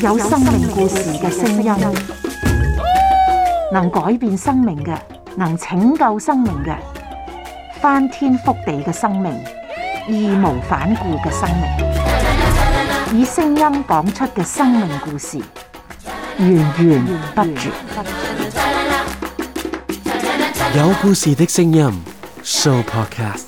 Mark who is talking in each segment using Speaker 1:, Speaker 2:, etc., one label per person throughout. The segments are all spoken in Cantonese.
Speaker 1: 有生命故事嘅聲音，能改變生命嘅，能拯救生命嘅，翻天覆地嘅生命，義無反顧嘅生命，以聲音講出嘅生命故事，
Speaker 2: 源源不絕。有故事嘅聲音，Show Podcast。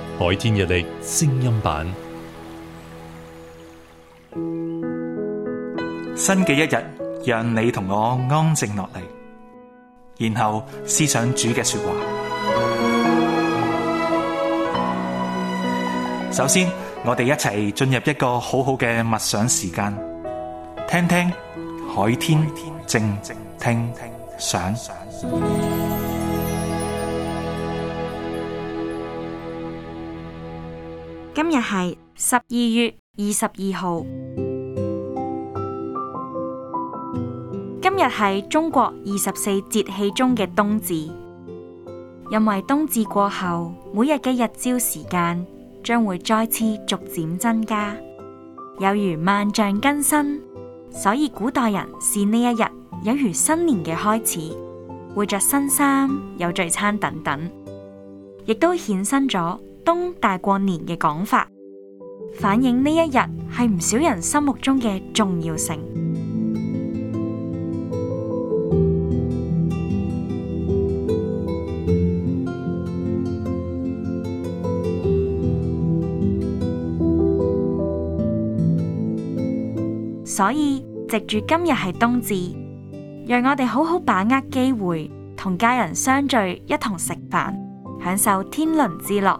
Speaker 2: 海天日曆聲音版，新嘅一日，讓你同我安靜落嚟，然後思想主嘅說話。首先，我哋一齊進入一個好好嘅默想時間，聽聽海天，靜靜聽聽
Speaker 3: 想。
Speaker 1: 今日係十二月二十二號，今日係中國二十四節氣中嘅冬至。因為冬至過後，每日嘅日照時間將會再次逐漸增加，有如萬象更新。所以古代人視呢一日有如新年嘅開始，會着新衫、有聚餐等等，亦都衍生咗。冬大過年嘅講法，反映呢一日係唔少人心目中嘅重要性。所以，藉住今日係冬至，讓我哋好好把握機會，同家人相聚，一同食飯，享受天倫之樂。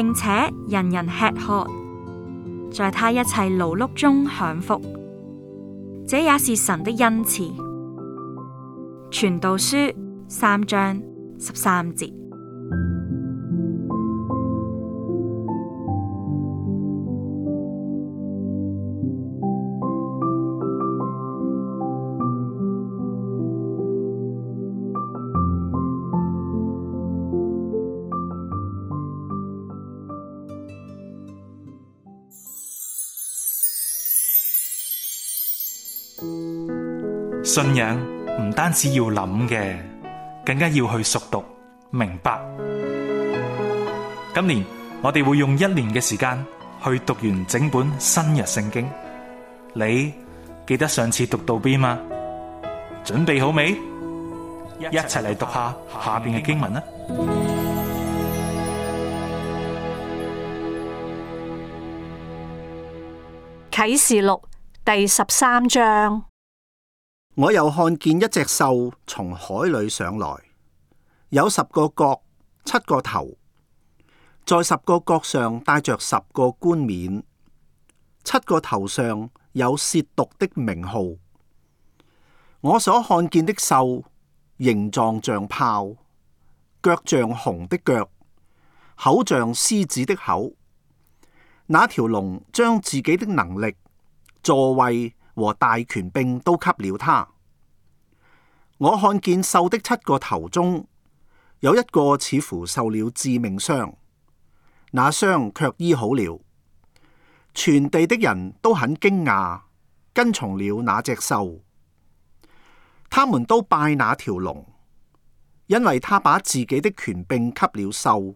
Speaker 1: 並且人人吃喝，在他一切勞碌中享福，這也是神的恩賜。傳道書三章十三節。
Speaker 2: 信仰唔單止要諗嘅，更加要去熟讀明白。今年我哋會用一年嘅時間去讀完整本新約聖經。你記得上次讀到邊嗎？準備好未？一齊嚟讀下下邊嘅經文啦！
Speaker 1: 啟示錄。第十三章，
Speaker 3: 我又看見一隻獸從海裏上來，有十個角，七個頭，在十個角上帶着十個冠冕，七個頭上有褻瀆的名號。我所看見的獸，形狀像豹，腳像熊的腳，口像獅子的口。那條龍將自己的能力。座位和大權柄都給了他。我看見獸的七個頭中有一個似乎受了致命傷，那傷卻醫好了。全地的人都很驚訝，跟從了那隻獸。他們都拜那條龍，因為他把自己的權柄給了獸，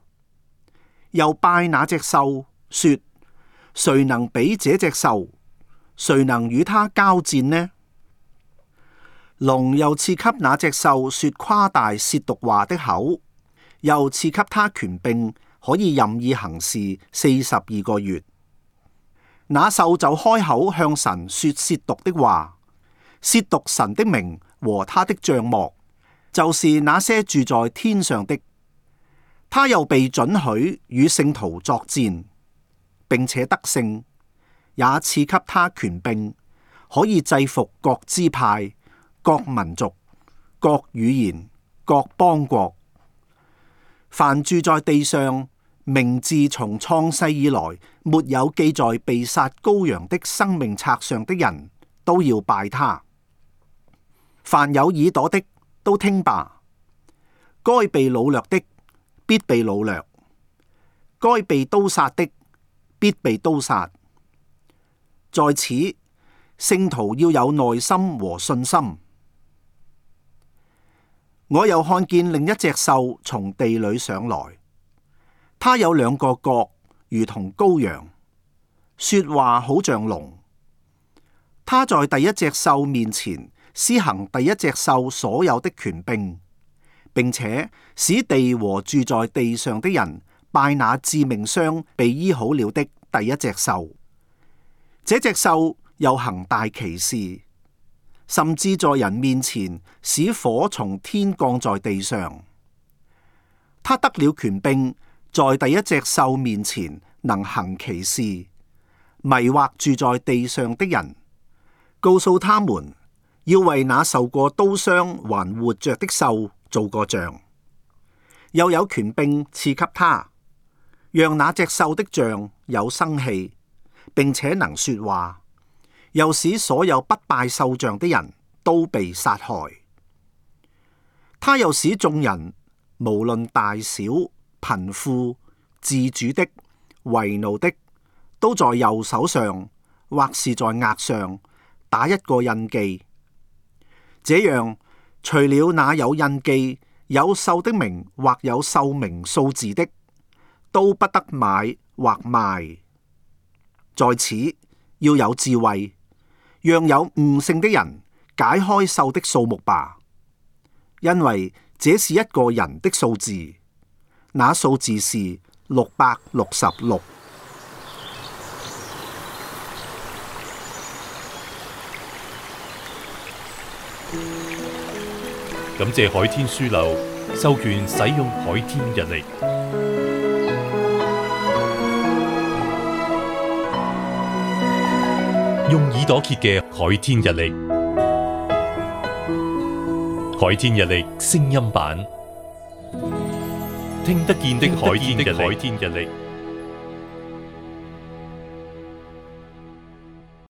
Speaker 3: 又拜那隻獸，說：誰能比這隻獸？誰能與他交戰呢？龍又賜給那隻獸說誇大褻瀆話的口，又賜給他權柄，可以任意行事四十二個月。那獸就開口向神說褻瀆的話，褻瀆神的名和他的帳幕，就是那些住在天上的。他又被准許與聖徒作戰，並且得勝。也賜給他權柄，可以制服各支派、各民族、各語言、各邦國。凡住在地上，名字從創世以來沒有記在被殺羔羊的生命冊上的人都要拜他。凡有耳朵的都聽吧。該被擄掠的必被擄掠，該被刀殺的必被刀殺。在此，聖徒要有耐心和信心。我又看見另一隻獸從地裏上來，它有兩個角，如同羔羊，說話好像龍。它在第一隻獸面前施行第一隻獸所有的權柄，並且使地和住在地上的人拜那致命傷被醫好了的第一隻獸。這隻獸又行大奇事，甚至在人面前使火從天降在地上。他得了權柄，在第一隻獸面前能行奇事，迷惑住在地上的人，告訴他們要為那受過刀傷還活着的獸做個像，又有權柄賜給他，讓那隻獸的像有生氣。並且能說話，又使所有不拜獸像的人都被殺害。他又使眾人無論大小、貧富、自主的、為奴的，都在右手上或是在額上打一個印記。這樣，除了那有印記、有獸的名或有獸名數字的，都不得買或賣。在此要有智慧，讓有悟性的人解開獸的數目吧，因為這是一個人的數字，那數字是六百六十六。
Speaker 2: 感謝海天書樓授權使用海天日曆。用耳朵揭嘅《海天日曆》，《海天日曆》聲音版，聽得見的《海天日曆》。